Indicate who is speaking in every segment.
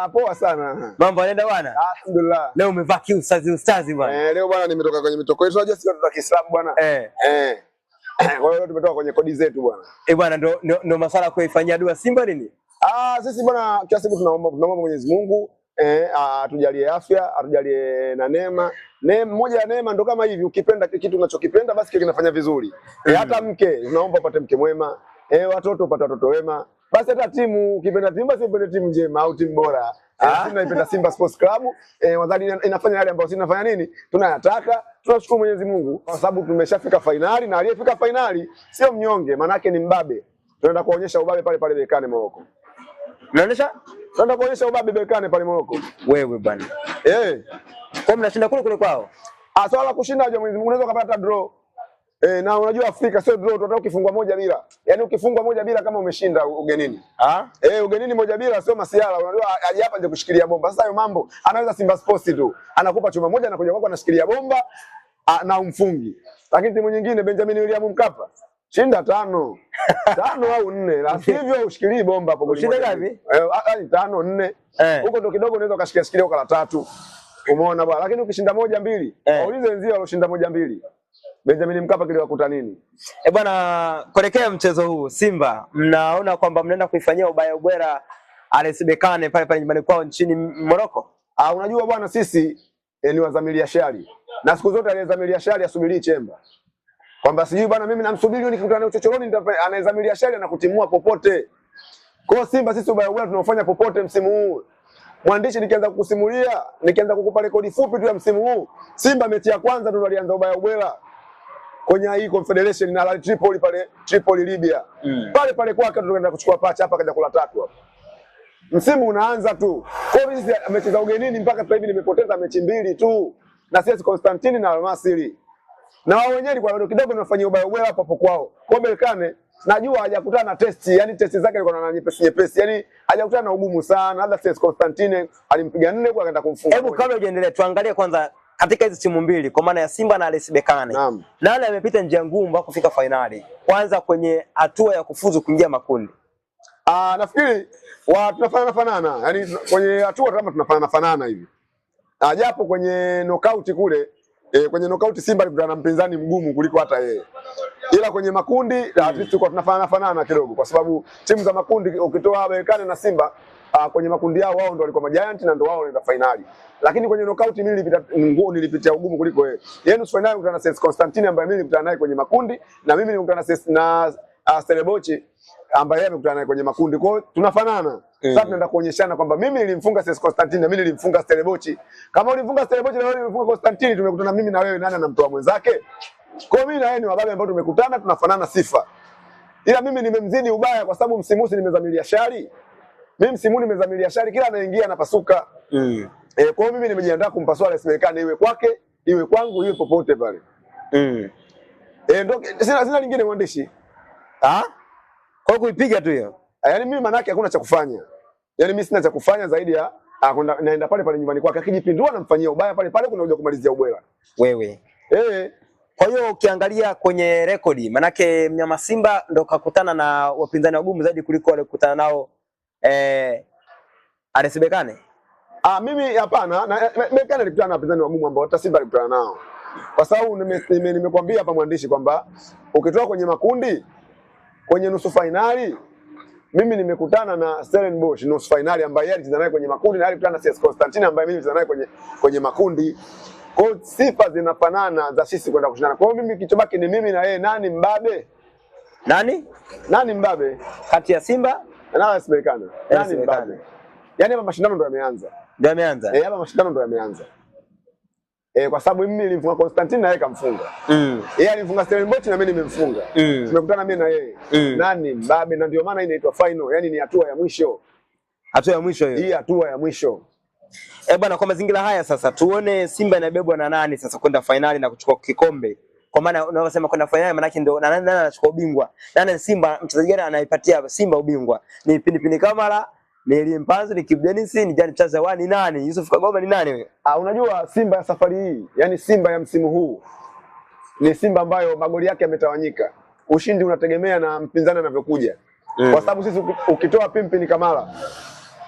Speaker 1: Ah, poa sana.
Speaker 2: Mambo yanaenda bwana?
Speaker 1: Alhamdulillah.
Speaker 2: Leo umevaa kiustazi ustazi
Speaker 1: bwana. Eh, leo bwana nimetoka kwenye mitoko yetu unajua sio tuta Kiislamu bwana. Eh. Eh. Kwa hiyo tumetoka kwenye kodi zetu bwana.
Speaker 2: Eh, bwana ndo ndo masala kwa ifanyia dua Simba nini?
Speaker 1: Ah, sisi bwana kila siku tunaomba tunaomba Mwenyezi Mungu eh, atujalie afya, atujalie na neema. Neema moja ya neema ndo kama hivi, ukipenda kitu unachokipenda basi kile kinafanya vizuri. Eh, hata mm. mke, tunaomba upate mke mwema. Eh, watoto upate watoto wema basi hata timu ukipenda timu basi upende timu njema au timu bora. Ah. Eh, sisi tunaipenda Simba Sports Club eh, wadhani inafanya yale ambayo sisi tunafanya nini, tunayataka. Tunashukuru Mwenyezi Mungu kwa sababu tumeshafika fainali, na aliyefika fainali sio mnyonge, maana yake ni mbabe. Tunaenda kuonyesha ubabe pale pale Berkane Morocco. Unaonyesha? Tunaenda kuonyesha ubabe Berkane pale Morocco. Wewe bwana. Eh.
Speaker 2: Kwa mnashinda kule kule kwao.
Speaker 1: Ah, swala la kushinda, Mwenyezi Mungu unaweza kupata draw E, na unajua Afrika sio draw, tunataka ukifungwa moja bila. Yaani ukifungwa moja bila kama umeshinda ugenini. Ah? Eh, ugenini moja bila sio masiala. Unajua aje hapa nje kushikilia bomba. Sasa hayo mambo anaweza Simba Sports tu. Anakupa chuma moja na anakuja kwako anashikilia bomba a, na umfungi. Lakini timu nyingine Benjamin William Mkapa shinda tano. tano au nne. La sivyo ushikilii bomba
Speaker 2: hapo. Shinda ngapi?
Speaker 1: Eh, yaani tano nne. Eh. Huko ndo kidogo unaweza ukashikilia shikilia kwa la tatu. Umeona bwana. Lakini ukishinda moja mbili, eh. waulize wenzio walioshinda moja mbili. Benjamin Mkapa kiliwakuta nini?
Speaker 2: Eh, bwana, kuelekea mchezo huu Simba mnaona kwamba mnaenda kuifanyia ubaya ubwera RS Berkane pale pale nyumbani kwao nchini Morocco?
Speaker 1: Ah, unajua bwana sisi eh, ni wazamilia shari. Na siku zote aliyezamilia shari asubiri chemba. Kwamba sijui bwana mimi namsubiri nikikutana naye chochoroni anayezamilia shari anakutimua popote. Kwa Simba sisi ubaya ubwera tunaofanya popote msimu huu mwandishi, nikianza kukusimulia, nikianza kukupa rekodi fupi tu ya msimu huu, Simba mechi ya kwanza ndo walianza ubaya ubwela kwenye hii Confederation na Al Tripoli pale Tripoli Libya. Mm. Pale pale kwake ndo tunaenda kuchukua pacha hapa kaja kula tatu hapa. Msimu unaanza tu. Kwa hiyo sisi ah, mechi za ugenini mpaka sasa hivi nimepoteza mechi mbili tu. Na CS Constantine na Almasiri. Na wao wenyewe kwa bado kidogo tunafanyia ubaya ubwela hapo kwao. Kwa Berkane najua hajakutana na test, yani test zake alikuwa na nyepesi nyepesi, yani hajakutana na ugumu sana, labda Felix Constantine alimpiga nne kwa akaenda kumfunga.
Speaker 2: Hebu kabla hujaendelea, tuangalie kwanza katika hizi timu mbili kwa maana ya Simba na RS Berkane, nani amepita njia ngumu mpaka kufika finali? kwanza kwenye hatua ya kufuzu kuingia makundi?
Speaker 1: Ah, nafikiri wa tunafanana fanana, yani kwenye hatua kama tunafanana fanana hivi, ah, japo kwenye knockout kule eh, kwenye knockout Simba alikutana na mpinzani mgumu kuliko hata yeye ila kwenye makundi mm. at ah, least tulikuwa tunafanana fanana kidogo, kwa sababu timu za makundi ukitoa Berkane na Simba uh, kwenye makundi yao wao ndio walikuwa majiant na ndio wao wanaenda fainali, lakini kwenye knockout mimi nilipita nguo nilipitia ugumu kuliko yeye. Yeye nusu fainali nilikutana na Ses Constantine ambaye mimi nilikutana naye kwenye makundi na mimi nilikutana na na uh, ah, Sterebochi ambaye yeye amekutana naye kwenye makundi. Kwa hiyo tunafanana. Mm. Sasa tunaenda kuonyeshana kwamba mimi nilimfunga Ses Constantine na mimi nilimfunga Sterebochi. Kama ulimfunga Sterebochi na wewe ulimfunga Constantine, tumekutana mimi na wewe, nani anamtoa mwenzake? Kwa mimi na yeye ni mababe ambao tumekutana tunafanana sifa. Ila mimi nimemzidi ubaya kwa sababu msimu huu nimezamilia shari. Mimi msimu huu nimezamilia shari kila anaingia anapasuka. Mm. Eh, kwa hiyo mimi nimejiandaa kumpasua Lesemekane iwe kwake, iwe kwangu, iwe popote pale. Mm. Eh, ndo sina sina lingine mwandishi. Ah? Kwa kuipiga tu hiyo. Yaani mimi manake hakuna cha kufanya. Yaani mimi sina cha kufanya zaidi ya akunda naenda pale pale nyumbani kwake akijipindua anamfanyia ubaya pale pale kuna kuja kumalizia ubwela. Wewe. Eh. Kwa hiyo ukiangalia kwenye rekodi, manake mnyama Simba ndo kakutana na wapinzani wagumu zaidi kuliko waliokutana nao eh, RS Berkane. Ah, mimi hapana, eh, Berkane alikutana na wapinzani wagumu ambao hata Simba alikutana nao, kwa sababu nimekwambia nime, nime hapa mwandishi kwamba ukitoka kwenye makundi kwenye nusu fainali mimi nimekutana na Stellenbosch nusu finali ambaye yeye alicheza naye kwenye makundi na alikutana na CS Constantine ambaye mimi nilicheza naye kwenye kwenye makundi. Kwa hiyo sifa zinafanana za sisi kwenda kushindana. Kwa hiyo mimi kichobaki ni mimi na yeye, nani mbabe? Nani nani mbabe
Speaker 2: kati ya Simba
Speaker 1: na Yanga? Nani mbabe? Yaani hapa mashindano ndio yameanza, ndio yameanza eh, hapa mashindano ndio yameanza eh, kwa sababu mimi nilimfunga Constantine na yeye kamfunga. Mm. Yeye alimfunga Stellenbosch na mimi nimemfunga. Mm. Tumekutana mimi na yeye. Mm. Nani mbabe? Na ndio maana inaitwa final, yaani ni hatua ya mwisho.
Speaker 2: Hatua ya mwisho hiyo.
Speaker 1: Hii hatua ya mwisho.
Speaker 2: E bwana, kwa mazingira haya sasa tuone Simba inabebwa na nani sasa kwenda fainali na kuchukua kikombe. Kwa maana unavyosema kwenda fainali maana yake ndio na nani anachukua ubingwa. Nani Simba mchezaji gani anaipatia Simba ubingwa? Ni Pinipini Kamara, ni Limpanzu, ni Kibu Denis, ni Jan Chazawa, ni nani? Yusuf Kagoma ni nani huyo?
Speaker 1: Ah, unajua Simba ya safari hii, yani Simba ya msimu huu ni Simba ambayo magoli yake yametawanyika. Ushindi unategemea na mpinzani anavyokuja. Mm. Kwa sababu sisi ukitoa Pinipini Kamara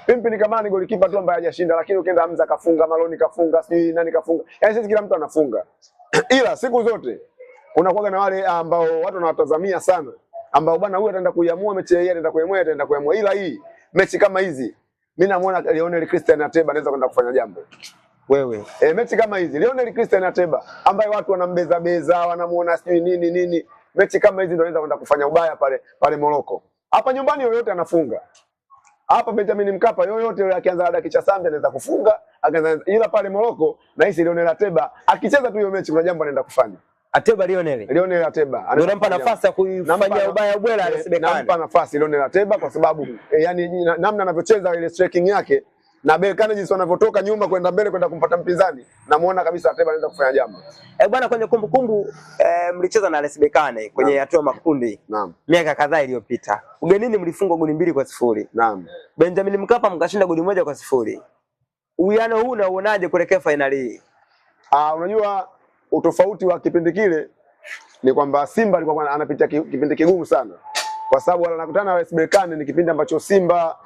Speaker 1: Pimpi ni kama ni golikipa tu ambaye hajashinda, lakini ukienda Hamza kafunga, Maloni kafunga, sijui nani kafunga. Yaani sisi kila mtu anafunga. Ila siku zote kuna unakuwa na wale ah, ambao watu wanawatazamia sana, ambao bwana huyu ataenda kuiamua mechi hii, ataenda kuiamua, ataenda kuiamua. Ila hii mechi kama hizi mimi namuona Lionel Christian Ateba anaweza kwenda kufanya jambo. Wewe. E, mechi kama hizi Lionel Christian Ateba ambaye watu wanambeza beza, wanamuona sijui nini nini. Mechi kama hizi ndio anaweza kwenda kufanya ubaya pale pale Moroko. Hapa nyumbani yoyote anafunga. Hapa Benjamin Mkapa yoyote yule akianza labda kicha sambe anaweza kufunga, akaanza ila pale Morocco hisi Lionel Ateba akicheza tu hiyo mechi kuna jambo anaenda kufanya.
Speaker 2: Ateba Lionel.
Speaker 1: Lionel Ateba.
Speaker 2: Ndio nampa nafasi ya kufanya ubaya ubwela eh, Nampa
Speaker 1: nafasi Lionel Ateba kwa sababu eh, yani namna anavyocheza ile striking yake na Berkane jinsi wanavyotoka nyuma kwenda mbele kwenda kumpata mpinzani, namuona kabisa Ateba anaweza kufanya jambo.
Speaker 2: Eh, bwana kwenye kumbukumbu eh, mlicheza na RS Berkane kwenye hatua ya makundi. Naam. Miaka kadhaa iliyopita. Ugenini mlifungwa goli mbili kwa sifuri. Naam. Benjamin Mkapa mkashinda goli moja kwa sifuri. Uwiano huu unauonaje kuelekea fainali hii?
Speaker 1: Ah, unajua utofauti wa kipindi kile ni kwamba Simba alikuwa anapitia kipindi kigumu sana. Kwa sababu wanakutana na RS Berkane ni kipindi ambacho Simba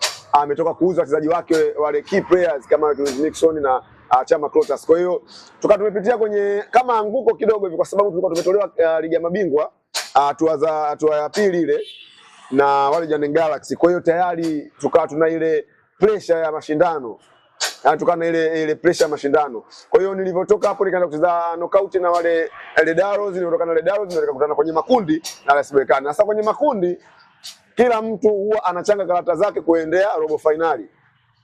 Speaker 1: ametoka kuuza wachezaji wake wale key players kama Chris Nixon na uh, Chama Clatous. Kwa hiyo tukawa tumepitia kwenye kama anguko kidogo hivi, kwa sababu tulikuwa tumetolewa uh, ligi ya mabingwa ah, hatua uh, hatua ya pili ile na wale Jane Galaxy. Kwa hiyo tayari tukawa tuna ile pressure ya mashindano yani tukawa na ile ile pressure ya mashindano. Kwa hiyo nilivyotoka hapo nikaenda kucheza knockout na wale Ledaros, nilivyotoka na Ledaros ndio nikakutana kwenye makundi na RS Berkane. Sasa kwenye makundi kila mtu huwa anachanga karata zake kuendea robo fainali,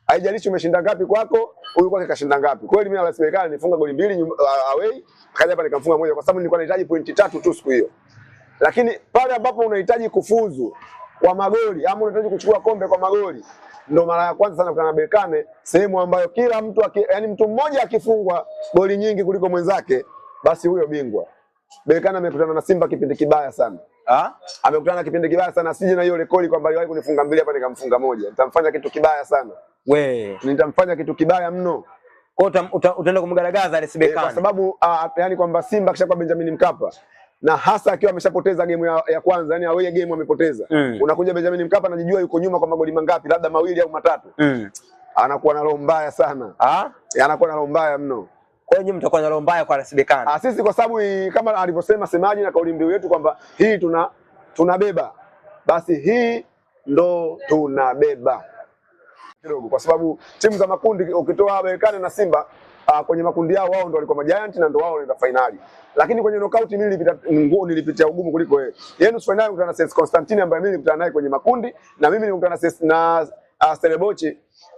Speaker 1: haijalishi umeshinda ngapi kwako, huyu kwake kashinda ngapi. Kweli mimi alasimekana nifunga goli mbili away, kaja hapa nikamfunga moja, kwa sababu nilikuwa nahitaji pointi tatu tu siku hiyo. Lakini pale ambapo unahitaji kufuzu kwa magoli ama unahitaji kuchukua kombe kwa magoli, ndo mara ya kwanza sana kutana Berkane, sehemu ambayo kila mtu aki, yani mtu mmoja akifungwa goli nyingi kuliko mwenzake, basi huyo bingwa. Berkane amekutana na Simba kipindi kibaya sana. Ah? Amekutana na kipindi kibaya sana sije na hiyo rekodi kwamba aliwahi kunifunga mbili hapa nikamfunga moja. Nitamfanya kitu kibaya sana. We. Nitamfanya kitu kibaya mno.
Speaker 2: Kwa utaenda uta kumgaragaza Alesibekani. E, eh,
Speaker 1: kwa sababu uh, yani kwamba Simba kisha kwa Benjamin Mkapa na hasa akiwa ameshapoteza game ya, ya kwanza yani awe game amepoteza. Mm. Unakuja Benjamin Mkapa anajijua yuko nyuma kwa magoli mangapi labda mawili au matatu. Mm. Anakuwa na roho mbaya sana. Ah? anakuwa na roho mbaya mno.
Speaker 2: Kwa hiyo nyinyi mtakuwa na roho mbaya kwa Rasidekana.
Speaker 1: Ah, sisi kwa sababu kama alivyosema semaji na kauli mbiu yetu kwamba hii tuna tunabeba, basi hii ndo tunabeba kidogo, kwa sababu timu za makundi ukitoa Berkane na Simba Uh, kwenye makundi yao wao ndo walikuwa majiant na ndo wao wanaenda finali. lakini kwenye knockout mimi nilipita nguo nilipitia ugumu kuliko wewe. Yeye nusu finali nilikutana na Constantine ambaye mimi nilikutana naye kwenye makundi na mimi nilikutana na uh, Stellenbosch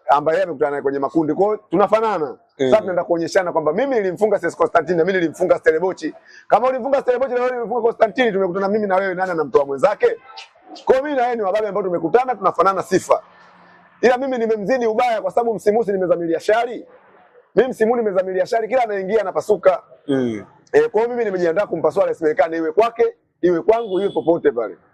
Speaker 1: ambaye yeye amekutana naye kwenye makundi. Kwa hiyo tunafanana. Mm. Sasa tunaenda kuonyeshana kwamba mimi nilimfunga Ses Constantine na mimi nilimfunga Stellenbosch. Kama ulimfunga Stellenbosch na wewe ulimfunga Constantine, tumekutana mimi na wewe, nani anamtoa mwenzake? Kwa hiyo mimi na yeye ni wababe ambao tumekutana, tunafanana sifa. Ila mimi nimemzidi ubaya kwa sababu msimu huu nimezamilia shari. Mimi msimu nimezamilia shari, kila anaingia anapasuka. Mm. Eh, kwa hiyo mimi nimejiandaa kumpasua Rais Lesimekane iwe kwake, iwe kwangu, iwe popote pale.